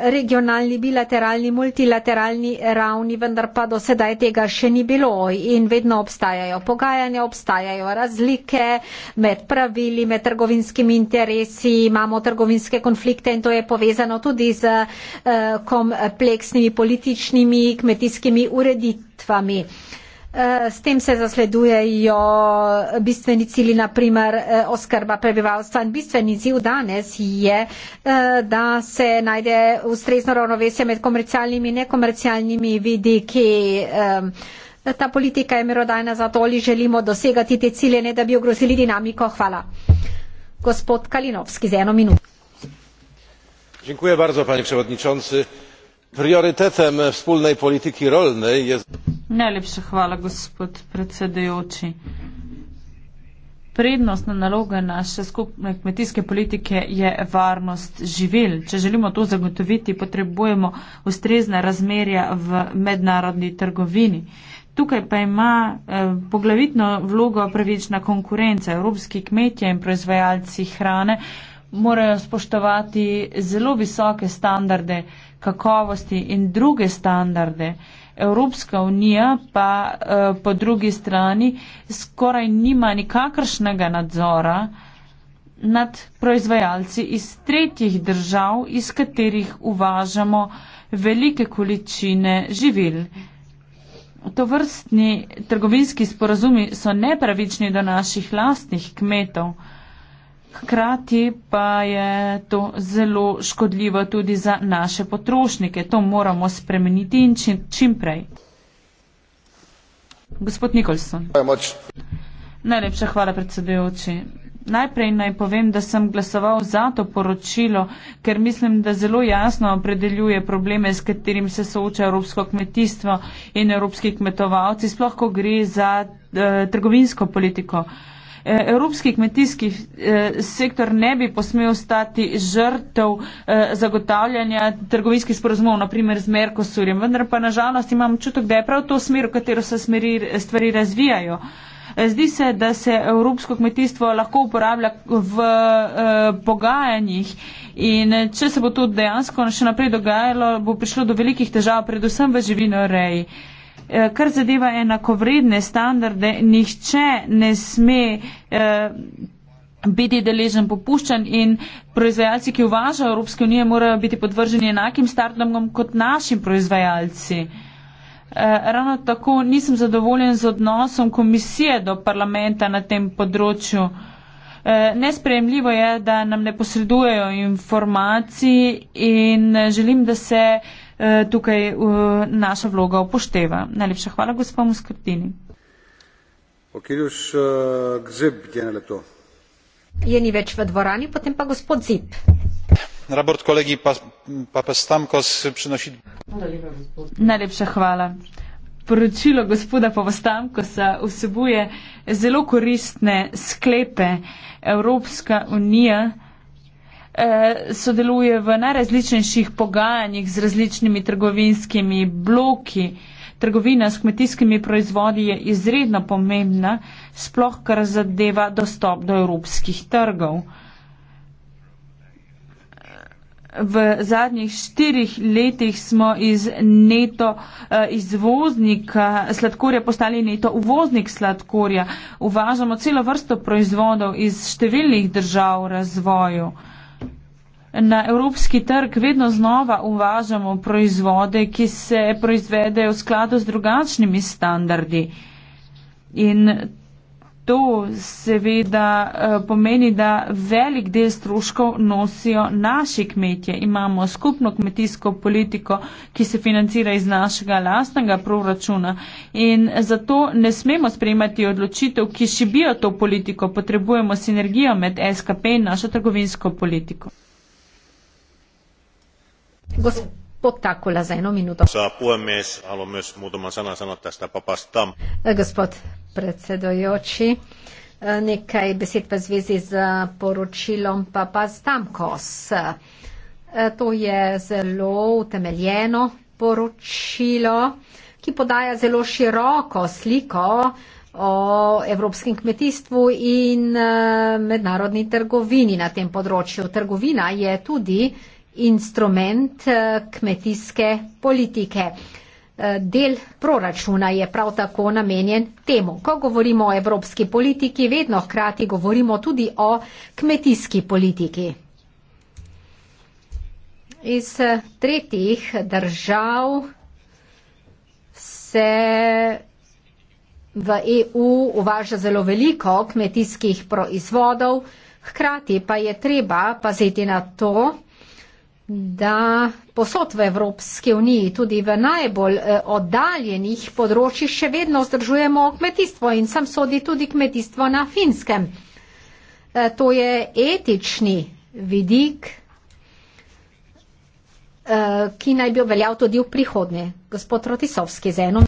regionalni, bilateralni, multilateralni ravni, vendar pa do sedaj tega še ni bilo in vedno obstajajo pogajanja, obstajajo razlike med pravili, med trgovinskimi interesi, imamo trgovinski trgovinske konflikte in to je povezano tudi z eh, kompleksnimi političnimi kmetijskimi ureditvami. Eh, s tem se zasledujejo bistveni cili, naprimer eh, oskrba prebivalstva. In bistveni ziv danes je, da se najde ustrezno ravnovesje med komercialnimi in nekomercialnimi vidiki. Ta politika je merodajna, zato ali želimo dosegati te cilje, ne da bi ogrozili dinamiko. Hvala gospod kalinowski z eno minuto. dziękuję bardzo panie przewodniczący! priorytetem wspólnej polityki rolnej jest. najlepša hvala gospod predsedujoči. prednostna naloga naše skupne kmetijske politike je varnost živil. če želimo to zagotoviti potrebujemo ustrezna razmerja v mednarodni trgovini. Tukaj pa ima eh, poglavitno vlogo pravična konkurenca. Evropski kmetje in proizvajalci hrane morajo spoštovati zelo visoke standarde kakovosti in druge standarde. Evropska unija pa eh, po drugi strani skoraj nima nikakršnega nadzora nad proizvajalci iz tretjih držav, iz katerih uvažamo velike količine živil. To vrstni trgovinski sporazumi so nepravični do naših lastnih kmetov. Hkrati pa je to zelo škodljivo tudi za naše potrošnike. To moramo spremeniti in čim, čim prej. Gospod Nikolson. Najlepša hvala predsedujoči. Najprej naj povem, da sem glasoval za to poročilo, ker mislim, da zelo jasno opredeljuje probleme, s katerim se sooča evropsko kmetijstvo in evropski kmetovalci, sploh ko gre za eh, trgovinsko politiko. Eh, evropski kmetijski eh, sektor ne bi posmel stati žrtev eh, zagotavljanja trgovinskih sporozumov, naprimer z Merkosurjem, vendar pa nažalost imam čutok, da je prav to smer, v katero se smeri, stvari razvijajo. Zdi se, da se evropsko kmetijstvo lahko uporablja v uh, pogajanjih in eh, če se bo to dejansko še naprej dogajalo, bo prišlo do velikih težav, predvsem v živino reji. Eh, kar zadeva enakovredne standarde, nihče ne sme eh, biti deležen popuščan in proizvajalci, ki uvažajo Evropske unije, morajo biti podvrženi enakim standardom kot našim proizvajalci. Eh, Eh, ravno tako nisem zadovoljen z odnosom komisije do parlamenta na tem področju. Eh, nesprejemljivo je, da nam ne posredujejo informacij in želim, da se eh, tukaj naša vloga upošteva. Najlepša hvala gospodu Skrtini. Je ni več v dvorani, potem pa gospod Zip sprawozdanie kolegi papy stamkos przynosi. najlepsza chwała. Poročilo gospoda Povostankosa vsebuje zelo koristne sklepe. Evropska unija eh, sodeluje v najrazličnejših pogajanjih z različnimi trgovinskimi bloki. Trgovina s kmetijskimi proizvodi je izredno pomembna, sploh kar zadeva dostop do evropskih trgov. Eh, V zadnjih štirih letih smo iz neto eh, izvoznika sladkorja postali neto uvoznik sladkorja. Uvažamo celo vrsto proizvodov iz številnih držav v razvoju. Na evropski trg vedno znova uvažamo proizvode, ki se proizvedejo v skladu z drugačnimi standardi. In to seveda eh, pomeni, da velik del stroškov nosijo naši kmetje. Imamo skupno kmetijsko politiko, ki se financira iz našega lastnega proračuna in zato ne smemo sprejemati odločitev, ki šibijo to politiko. Potrebujemo sinergijo med SKP in našo trgovinsko politiko. Gospod. Pottaa kyllä se eno minuto. Saa puhemies, haluan myös muutaman sanan sanoa tästä papasta. Eh, gospod predsedojoči, eh, nekaj besed v zvezi z poročilom papa Stamkos. Eh, to je zelo utemeljeno poročilo, ki podaja zelo široko sliko o evropskem kmetijstvu in mednarodni trgovini na tem področju. Trgovina je tudi instrument eh, kmetijske politike. Eh, del proračuna je prav tako namenjen temu. Ko govorimo o evropski politiki, vedno hkrati govorimo tudi o kmetijski politiki. Iz eh, tretjih držav se v EU uvaža zelo veliko kmetijskih proizvodov, hkrati pa je treba paziti na to, da posod v Evropski uniji, tudi v najbolj eh, oddaljenih področjih, še vedno vzdržujemo kmetijstvo in sem sodi tudi kmetijstvo na finskem. Eh, to je etični vidik, eh, ki naj bi obveljal tudi v prihodnje. Gospod Rotisovski, z eno.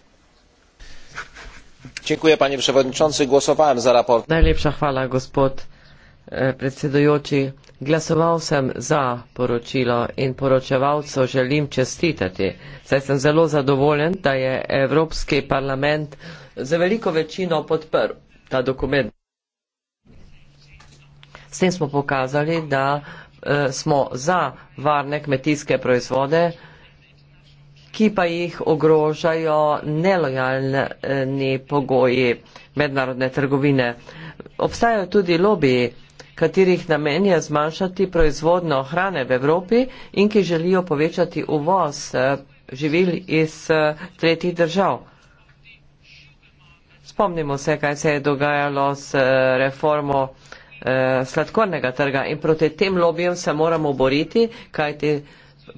Čekuje, panje Prševodničonce, glasovam za raport. Najlepša hvala, gospod predsedujoči. Glasoval sem za poročilo in poročevalcu želim čestitati. Saj sem zelo zadovoljen, da je Evropski parlament za veliko večino podprl ta dokument. S tem smo pokazali, da eh, smo za varne kmetijske proizvode, ki pa jih ogrožajo nelojalni eh, pogoji mednarodne trgovine. Obstajajo tudi lobiji katerih namen je zmanjšati proizvodno hrane v Evropi in ki želijo povečati uvoz eh, živil iz eh, tretjih držav. Spomnimo se, kaj se je dogajalo s eh, reformo sladkornega trga in proti tem lobijem se moramo boriti, kajti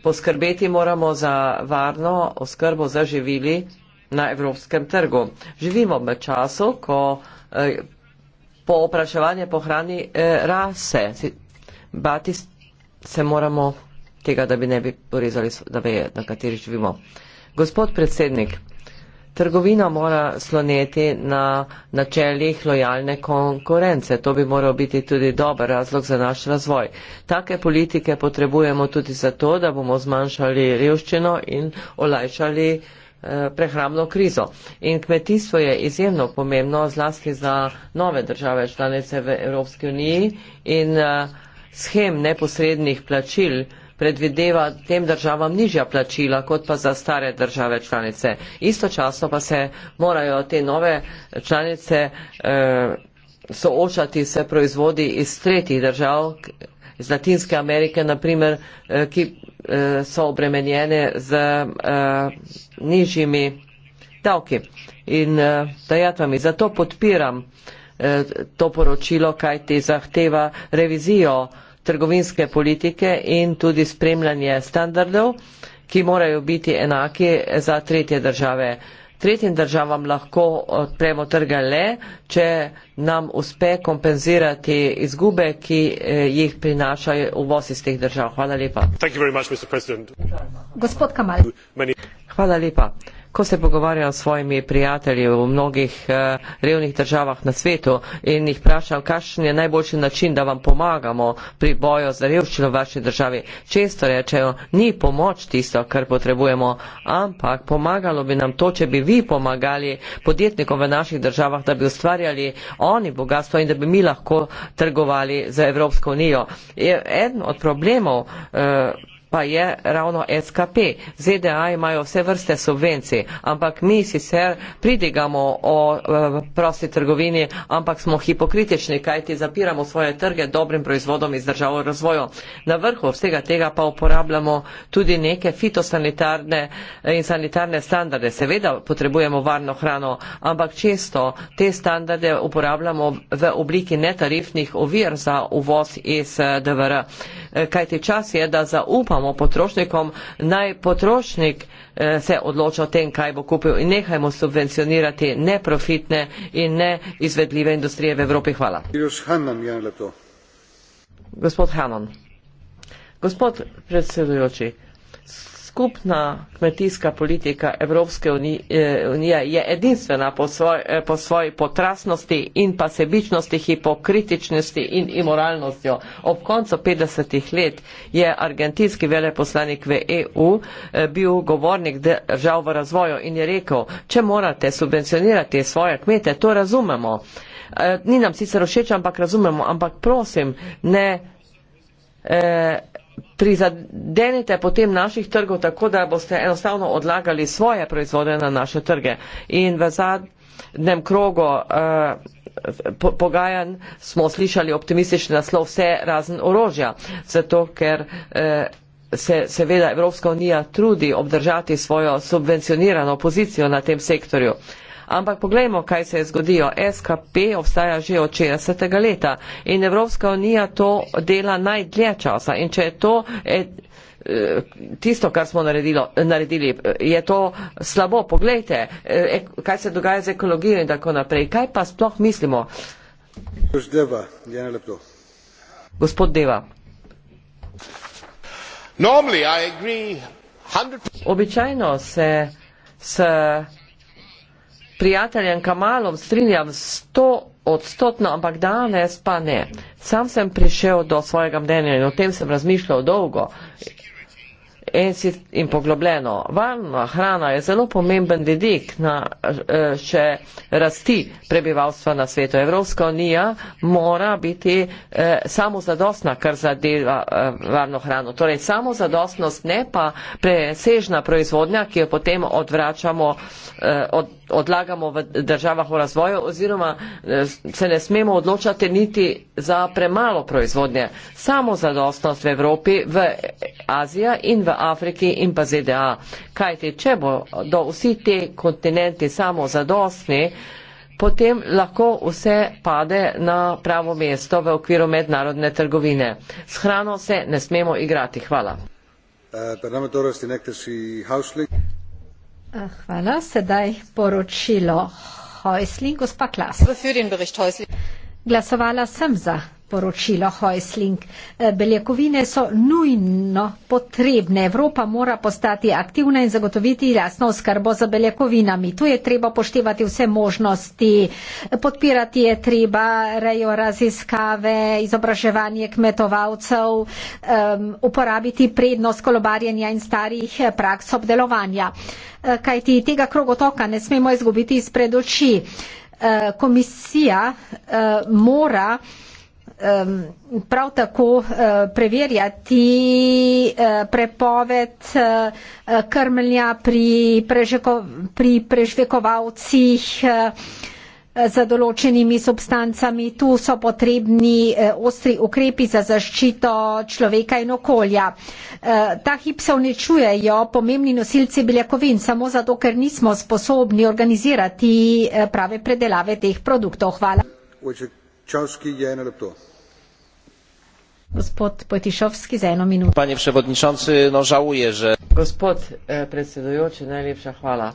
poskrbeti moramo za varno oskrbo za živili na evropskem trgu. Živimo v času, ko povpraševanje po hrani eh, rase. Si, bati se moramo tega, da bi ne bi porezali, da ve, na kateri živimo. Gospod predsednik, trgovina mora sloneti na načeljih lojalne konkurence. To bi moral biti tudi dober razlog za naš razvoj. Take politike potrebujemo tudi zato, da bomo zmanjšali revščino in olajšali eh, Eh, prehrambno krizo. In kmetijstvo je izjemno pomembno, zlasti za nove države članice v Evropski uniji in eh, schem neposrednih plačil predvideva tem državam nižja plačila kot pa za stare države članice. Istočasno pa se morajo te nove članice eh, soočati s proizvodi iz tretjih držav, iz Latinske Amerike, naprimer, eh, ki eh, so obremenjene z eh, nižjimi davki in dajatvami. Zato podpiram to poročilo, kaj ti zahteva revizijo trgovinske politike in tudi spremljanje standardov, ki morajo biti enaki za tretje države tretjim državam lahko odpremo trga le, če nam uspe kompenzirati izgube, ki eh, jih prinaša uvoz iz teh držav. Hvala lepa. Much, Gospod Kamal. Hvala lepa ko se pogovarjam s svojimi prijatelji v mnogih uh, revnih državah na svetu in jih vprašam, kakšen je najboljši način, da vam pomagamo pri boju z revščino v vaši državi. Često rečejo, ni pomoč tisto, kar potrebujemo, ampak pomagalo bi nam to, če bi vi pomagali podjetnikom v naših državah, da bi ustvarjali oni bogatstvo in da bi mi lahko trgovali za Evropsko unijo. Je, en od problemov uh, pa je ravno SKP. ZDA imajo vse vrste subvencij, ampak mi sicer pridigamo o e, prosti trgovini, ampak smo hipokritični, kajti zapiramo svoje trge dobrim proizvodom iz državo razvojo. Na vrhu vsega tega pa uporabljamo tudi neke fitosanitarne e, in sanitarne standarde. Seveda potrebujemo varno hrano, ampak često te standarde uporabljamo v obliki netarifnih ovir za uvoz iz e, DVR. Eh, kajti čas je, da zaupamo potrošnikom, naj potrošnik eh, se odloča o tem, kaj bo kupil in nehajmo subvencionirati neprofitne in neizvedljive industrije v Evropi. Hvala. Gospod Hanon. Gospod predsedujoči skupna kmetijska politika Evropske eh, unije je edinstvena po svoji, eh, po svoji potrasnosti in pa sebičnosti, hipokritičnosti in imoralnostjo. Ob koncu 50-ih let je argentinski veleposlanik v EU eh, bil govornik držav v razvoju in je rekel, če morate subvencionirati svoje kmete, to razumemo. Ni nam sicer všeč, ampak razumemo, ampak prosim, ne. Eh, prizadenete potem naših trgov tako, da boste enostavno odlagali svoje proizvode na naše trge. In v zadnjem krogu eh, po, pogajanj smo slišali optimistični naslov vse razen orožja, zato ker eh, se seveda Evropska unija trudi obdržati svojo subvencionirano pozicijo na tem sektorju. Eh, Ampak pogledajmo, kaj se je zgodilo. SKP obstaja že od 60. leta in Evropska unija to dela najdlje časa. In če je to e, e, tisto, kar smo naredilo, naredili, je to slabo. Poglejte, e, kaj se dogaja z ekologijo in tako naprej. Kaj pa sploh mislimo? Deva, Gospod Deva. Običajno se s prijateljem Kamalom strinjam sto odstotno, ampak danes pa ne. Sam sem prišel do svojega mnenja in o tem sem razmišljal dolgo in poglobljeno. Varna hrana je zelo pomemben vidik na eh, še rasti prebivalstva na svetu. Evropska unija mora biti eh, samozadostna, kar zadeva eh, varno hrano. Torej, samozadostnost ne pa presežna proizvodnja, ki jo potem odvračamo eh, od odlagamo v državah v razvoju oziroma eh, se ne smemo odločati niti za premalo proizvodnje. Samo zadostnost v Evropi, v Aziji in v Afriki in pa ZDA. Kajti, če bo do vsi te kontinenti samo zadostni, potem lahko vse pade na pravo mesto v okviru mednarodne trgovine. S hrano se ne smemo igrati. Hvala. Uh, Eh, hvala. Sedaj poročilo Häusling, gospa Klas. Glasovala sem za poročilo Hoisling. Eh, beljakovine so nujno potrebne. Evropa mora postati aktivna in zagotoviti jasno oskrbo za beljakovinami. Tu je treba poštevati vse možnosti. Podpirati je treba rejo raziskave, izobraževanje kmetovalcev, um, uporabiti prednost kolobarjenja in starih eh, praks obdelovanja. Eh, Kaj ti tega krogotoka ne smemo izgubiti izpred oči. Komisija mora prav tako eh, preverjati eh, prepoved eh, krmljenja pri, prežeko, pri prežvekovalcih z določenimi substancami. Tu so potrebni ostri ukrepi za zaščito človeka in okolja. Ta hip se uničujejo pomembni nosilci beljakovin, samo zato, ker nismo sposobni organizirati prave predelave teh produktov. Hvala. Čovski je na laptopu. Gospod Pojtišovski, za eno minuto. Panie przewodniczący, no żałuję, że. Gospod e, predsedujoči, najlepša hvala.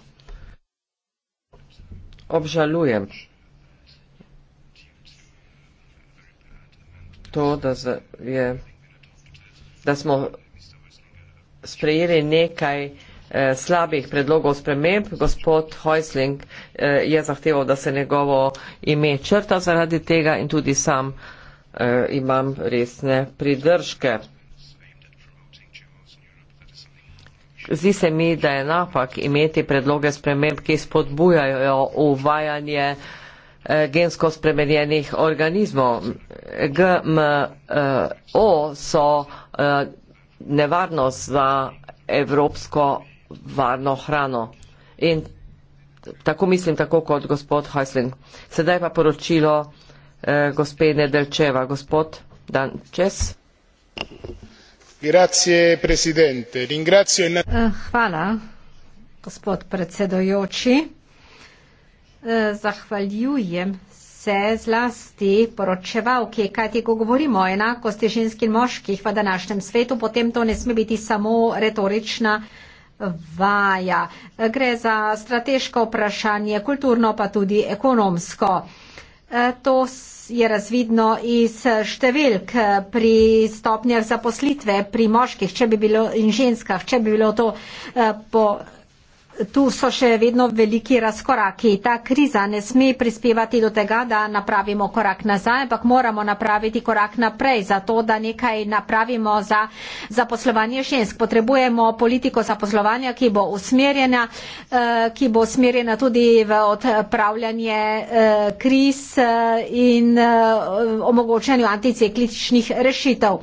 Obžalujem to, da, je, da smo sprejeli nekaj e, slabih predlogov sprememb. Gospod Heusling e, je zahteval, da se njegovo ime črta zaradi tega in tudi sam uh, imam resne pridržke. Zdi se mi, da je napak imeti predloge sprememb, ki spodbujajo uvajanje eh, gensko spremenjenih organizmov. GMO so eh, nevarnost za evropsko varno hrano. In tako mislim, tako kot gospod Heisling. Sedaj pa poročilo eh, gospe Nedelčeva. Gospod Danches. Eh, hvala, gospod predsedojoči. Eh, zahvaljujem se zlasti poročevalki, kajti ko govorimo o enakosti žensk in moških v današnjem svetu, potem to ne sme biti samo retorična vaja. Gre za strateško vprašanje, kulturno pa tudi ekonomsko. E, to je razvidno iz številk pri stopnjah zaposlitve pri moških, če bi bilo in ženskah, če bi bilo to e, po tu so še vedno veliki razkoraki. Ta kriza ne sme prispevati do tega, da napravimo korak nazaj, ampak moramo napraviti korak naprej za to, da nekaj napravimo za zaposlovanje žensk. Potrebujemo politiko zaposlovanja, ki bo usmerjena, eh, ki bo usmerjena tudi v odpravljanje eh, kriz eh, in omogočanju anticikličnih rešitev.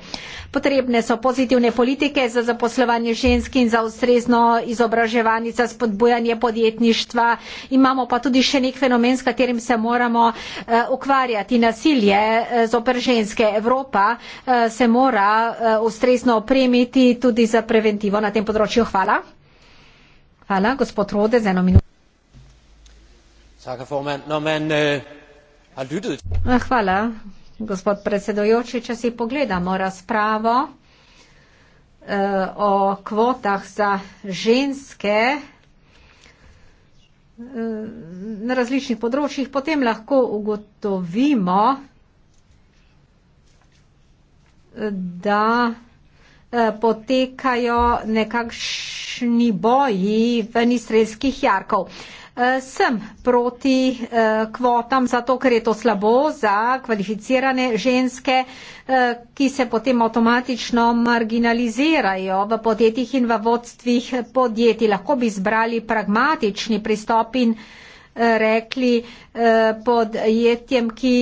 Potrebne so pozitivne politike za zaposlovanje žensk in za ustrezno izobraževanje, za spodbujanje podjetništva. Imamo pa tudi še nek fenomen, s katerim se moramo eh, ukvarjati. Nasilje eh, zoper ženske. Evropa eh, se mora ustrezno opremiti tudi za preventivo na tem področju. Hvala. Hvala, gospod Rode, za eno minuto. Tak, formand. Når man øh, har lyttet. Ah, voilà. Gospod predsedojoči, če si pogledamo razpravo eh, o kvotah za ženske eh, na različnih področjih, potem lahko ugotovimo, da eh, potekajo nekakšni boji venistrelskih jarkov. Eh, Eh, sem proti eh, kvotam, zato ker je to slabo za kvalificirane ženske, eh, ki se potem avtomatično marginalizirajo v podjetjih in v vodstvih podjetij. Lahko bi izbrali pragmatični pristop in rekli podjetjem, ki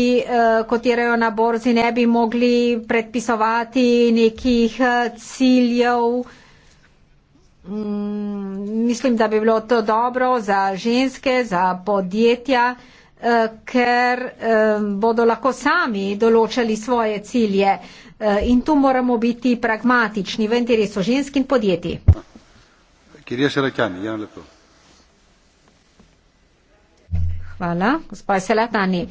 kotirajo na borzi, ne bi mogli predpisovati nekih ciljev Mm, mislim, da bi bilo to dobro za ženske, za podjetja, eh, ker eh, bodo lahko sami določali svoje cilje eh, in tu moramo biti pragmatični v interesu žensk in podjetij. Hvala, gospod Selatani.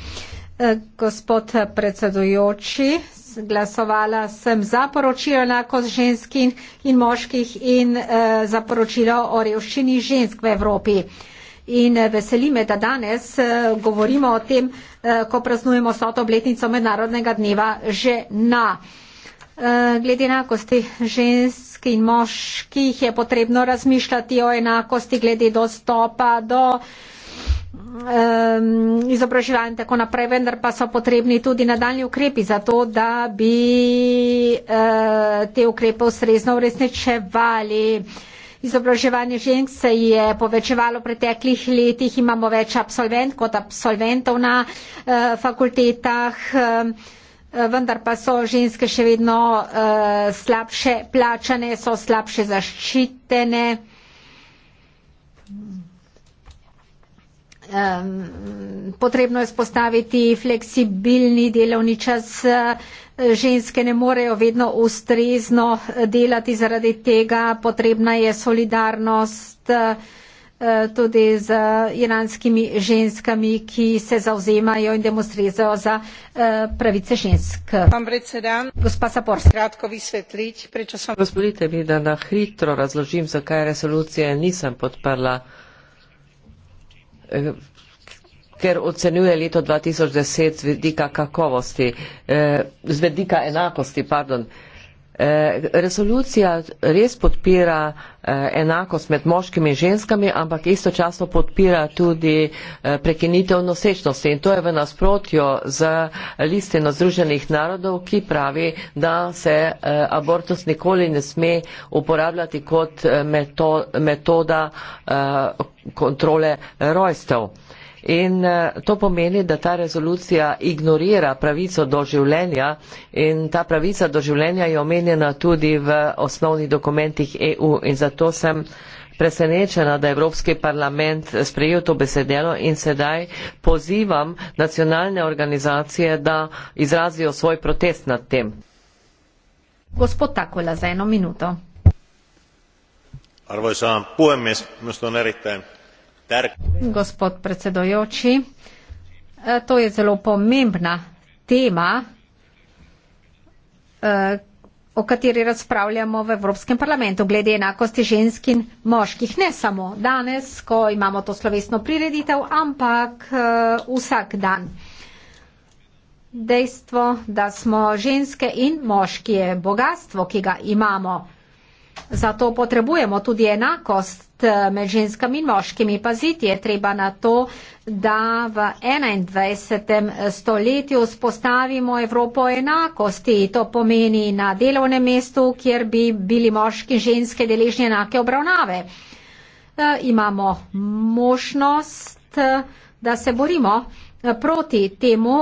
Gospod predsedujoči, glasovala sem za poročilo enakost ženskih in, in moških in uh, za poročilo o revščini žensk v Evropi. In eh, veseli me, da danes uh, govorimo o tem, uh, ko praznujemo soto obletnico Mednarodnega dneva žena. Glede enakosti žensk in moških je potrebno razmišljati o enakosti glede dostopa do uh, Ehm, izobraževanje in tako naprej, vendar pa so potrebni tudi nadaljni ukrepi za to, da bi eh, te ukrepe ustrezno uresničevali. Izobraževanje žensk se je povečevalo v preteklih letih, imamo več absolvent kot absolventov na eh, fakultetah, eh, vendar pa so ženske še vedno slabše plačane, so slabše zaščitene potrebno je spostaviti fleksibilni delovni čas. Ženske ne morejo vedno ustrezno delati zaradi tega. Potrebna je solidarnost eh, tudi z iranskimi ženskami, ki se zauzemajo in demonstrirajo za eh, pravice žensk. Gospa Saporska. Gospodite mi, da na hitro razložim, zakaj resolucije nisem podprla ker ocenjuje leto 2010 z vedika kakovosti, eh, z vedika enakosti, pardon, Eh, resolucija res podpira eh, enakost med moškimi in ženskami, ampak istočasno podpira tudi eh, prekinitev nosečnosti in to je v nasprotju z listino Združenih narodov, ki pravi, da se abortus nikoli ne sme uporabljati kot metoda kontrole rojstev. In eh, to pomeni, da ta rezolucija ignorira pravico do življenja in ta pravica do življenja je omenjena tudi v osnovnih dokumentih EU in zato sem presenečena, da je Evropski parlament sprejel to besedelo in sedaj pozivam nacionalne organizacije, da izrazijo svoj protest nad tem. Gospod Takola, za eno minuto. Arvoisa puhemies, minusta on erittäin Gospod predsedojoči, eh, to je zelo pomembna tema, eh, o kateri razpravljamo v Evropskem parlamentu glede enakosti žensk in moških. Ne samo danes, ko imamo to slovesno prireditev, ampak eh, vsak dan. Dejstvo, da smo ženske in moški je bogatstvo, ki ga imamo. Zato potrebujemo tudi enakost Eh, med ženskami in moškimi. Paziti je treba na to, da v 21. Eh, stoletju spostavimo Evropo enakosti. To pomeni na delovnem mestu, kjer bi bili moški in ženske deležni enake obravnave. E, imamo možnost, da se borimo proti temu,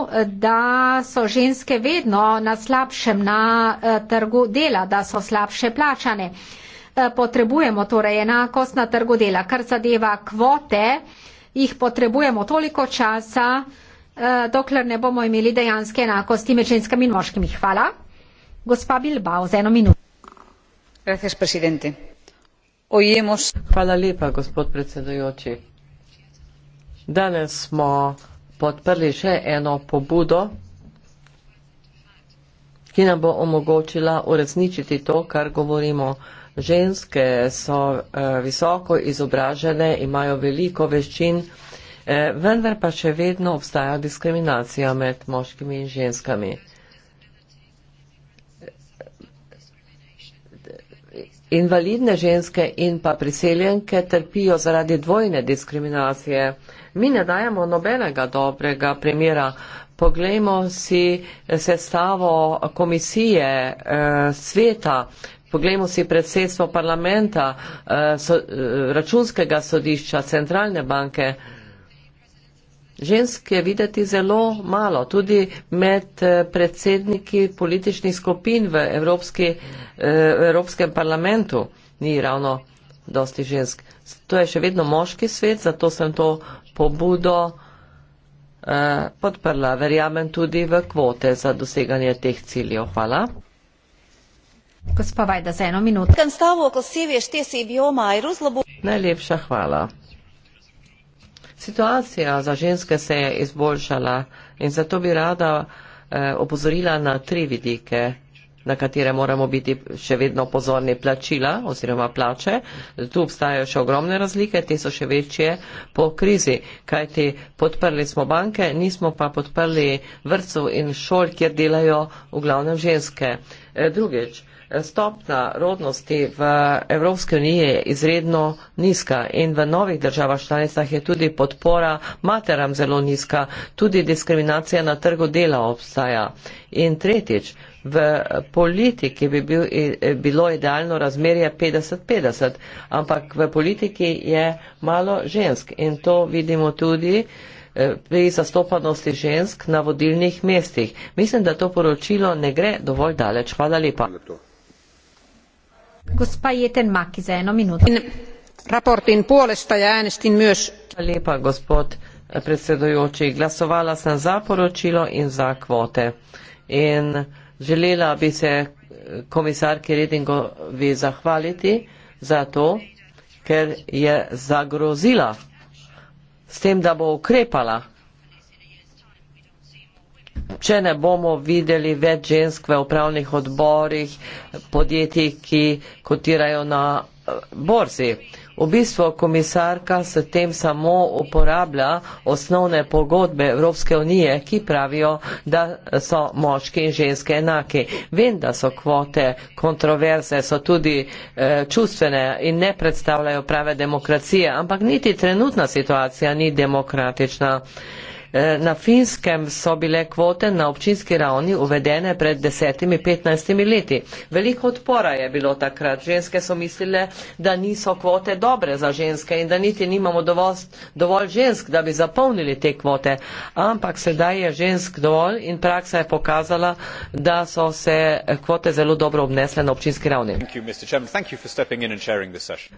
da so ženske vedno na slabšem na trgu dela, da so slabše plačane. Eh, potrebujemo torej enakost na trgu dela. Kar zadeva kvote, jih potrebujemo toliko časa, eh, dokler ne bomo imeli dejanske enakosti med ženskami in moškimi. Hvala. Gospa Bilbao, za eno minuto. Gracias, presidente. Ojemos. Hvala lepa, gospod predsedujoči. Danes smo podprli še eno pobudo, ki nam bo omogočila uresničiti to, kar govorimo o ženske so eh, visoko izobražene, imajo veliko veščin, eh, vendar pa še vedno obstaja diskriminacija med moškimi in ženskami. Invalidne ženske in pa priseljenke trpijo zaradi dvojne diskriminacije. Mi ne dajemo nobenega dobrega primera. Poglejmo si sestavo komisije eh, sveta Poglejmo si predsedstvo parlamenta, eh, so, eh, računskega sodišča, centralne banke. Žensk je videti zelo malo, tudi med eh, predsedniki političnih skupin v, Evropski, v Evropskem parlamentu ni ravno dosti žensk. To je še vedno moški svet, zato sem to pobudo podprla. Verjamem tudi v kvote za doseganje teh ciljev. Hvala. Gospa Vajda, za eno minuto. Kaj stavu, ko si veš, te si bio majru zlobo? Najlepša hvala. Situacija za ženske se je izboljšala in zato bi rada eh, opozorila na tri vidike, na katere moramo biti še vedno pozorni plačila oziroma plače. Tu obstajajo še ogromne razlike, te so še večje po krizi, kajti podprli smo banke, nismo pa podprli vrtcev in šol, kjer delajo v glavnem ženske. Eh, drugič, stopna rodnosti v Evropske unije je izredno nizka in v novih državah članicah je tudi podpora materam zelo nizka, tudi diskriminacija na trgu dela obstaja. In tretjič, v politiki bi bil, eh, bilo idealno razmerje 50-50, ampak v politiki je malo žensk in to vidimo tudi eh, pri zastopanosti žensk na vodilnih mestih. Mislim, da to poročilo ne gre dovolj daleč. Hvala lepa gospa Jeten Maki za eno minuto. In raportin puolesta ja äänestin myös. Lepa gospod eh, predsedujoči, glasovala sem za poročilo in za kvote. In želela bi se eh, komisarki Redingovi zahvaliti za to, ker je zagrozila s tem, da bo ukrepala če ne bomo videli več žensk v upravnih odborih podjetij, ki kotirajo na eh, borzi. V bistvu komisarka s tem samo uporablja osnovne pogodbe Evropske unije, ki pravijo, da so moški in ženske enaki. Vem, da so kvote kontroverze, so tudi e, čustvene in ne predstavljajo prave demokracije, ampak niti trenutna situacija ni demokratična. E, Eh, na finskem so bile kvote na občinski ravni uvedene pred 10-15 leti. Veliko odpora je bilo takrat. Ženske so mislile, da niso kvote dobre za ženske in da niti nimamo dovolj, dovolj žensk, da bi zapolnili te kvote. Ampak sedaj je žensk dovolj in praksa je pokazala, da so se kvote zelo dobro obnesle na občinski ravni.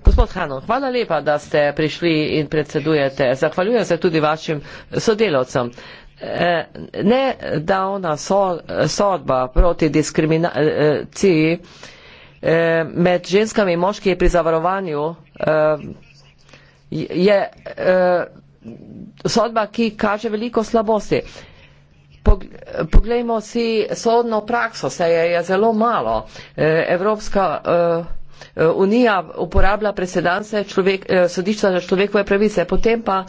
Gospod Hanon, hvala lepa, da ste prišli in predsedujete. Zahvaljujem se tudi vašim sodelovcem sodelavcem. Eh, nedavna sodba proti diskriminaciji eh, med ženskami in moški pri zavarovanju eh, je sodba, ki kaže veliko slabosti. Poglejmo si sodno prakso, se je, je zelo malo. Evropska unija uporablja presedance sodišča za človekove pravice, potem pa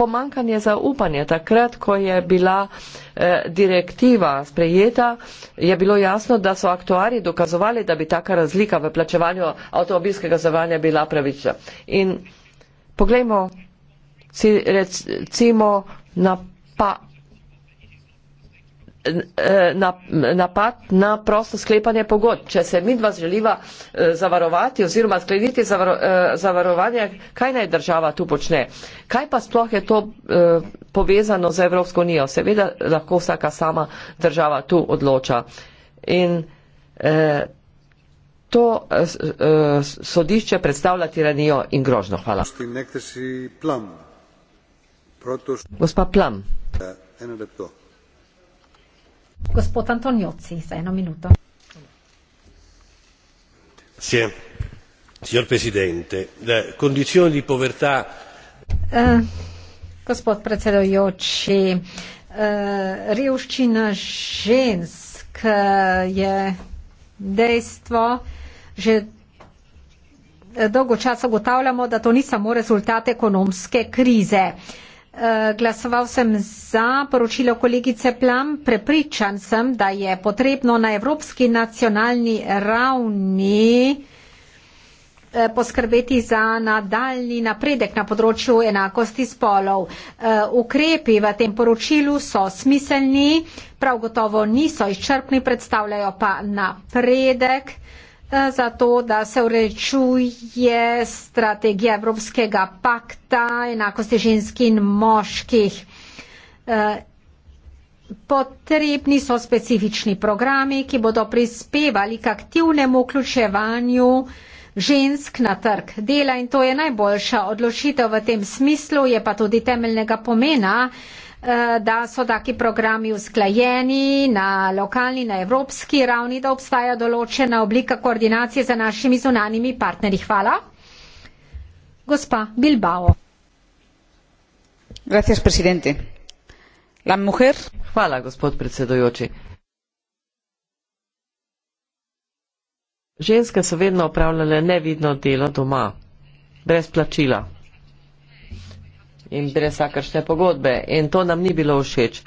pomankanje zaupanja. Takrat, ko je bila eh, direktiva sprejeta, je bilo jasno, da so aktuari dokazovali, da bi taka razlika v plačevanju avtomobilskega zavanja bila pravična. In poglejmo, recimo, na pa napad na prosto sklepanje pogodb. Če se midva želiva eh, zavarovati oziroma skleniti zavaro, eh, zavarovanje, kaj naj država tu počne? Kaj pa sploh je to eh, povezano z Evropsko unijo? Seveda lahko vsaka sama država tu odloča. In to sodišče predstavlja tiranijo in grožno. Hvala. Gospa Plam. Eno lepo. Gospod Antoniozzi, za eno minuto. Sì, signor Presidente, le condizioni di povertà. Uh, gospod predsedujoči, uh, revščina žensk eh, je dejstvo, že dolgo časa ugotavljamo, da to ni samo rezultat ekonomske krize. Uh, Eh, glasoval sem za poročilo kolegice Plam, prepričan sem, da je potrebno na evropski nacionalni ravni eh, poskrbeti za nadaljni napredek na področju enakosti spolov. Eh, ukrepi v tem poročilu so smiselni, prav gotovo niso izčrpni, predstavljajo pa napredek za to, da se urečuje strategija Evropskega pakta enakosti žensk in moških. Eh, potrebni so specifični programi, ki bodo prispevali k aktivnemu vključevanju žensk na trg dela in to je najboljša odločitev v tem smislu, je pa tudi temeljnega pomena, Eh, da so taki programi usklajeni na lokalni, na evropski ravni, da obstaja določena oblika koordinacije za našimi zunanimi partnerji. Hvala. Gospa Bilbao. Gracias, presidente. La mujer. Hvala, gospod predsedujoči. Ženske so vedno opravljale nevidno delo doma, brez plačila in brez vsakršne pogodbe. In to nam ni bilo všeč.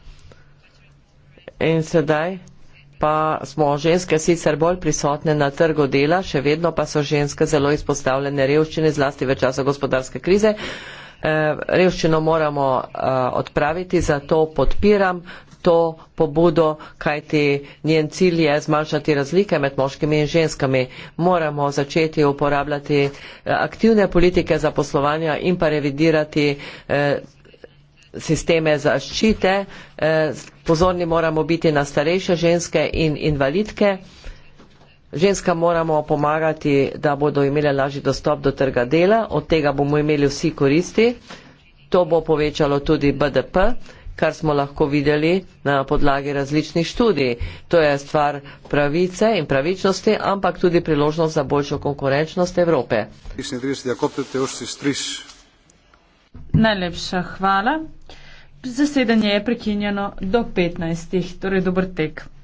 In sedaj pa smo ženske sicer bolj prisotne na trgu dela, še vedno pa so ženske zelo izpostavljene revščini, zlasti v času gospodarske krize. Eh, revščino moramo eh, odpraviti, zato podpiram to pobudo, kajti njen cilj je zmanjšati razlike med moškimi in ženskami. Moramo začeti uporabljati eh, aktivne politike za poslovanje in pa revidirati eh, sisteme zaščite. Eh, pozorni moramo biti na starejše ženske in invalidke. Ženska moramo pomagati, da bodo imele lažji dostop do trga dela, od tega bomo imeli vsi koristi. To bo povečalo tudi BDP kar smo lahko videli na podlagi različnih študij. To je stvar pravice in pravičnosti, ampak tudi priložnost za boljšo konkurenčnost Evrope. Najlepša hvala. Zasedanje je prekinjeno do 15. torej dober tek.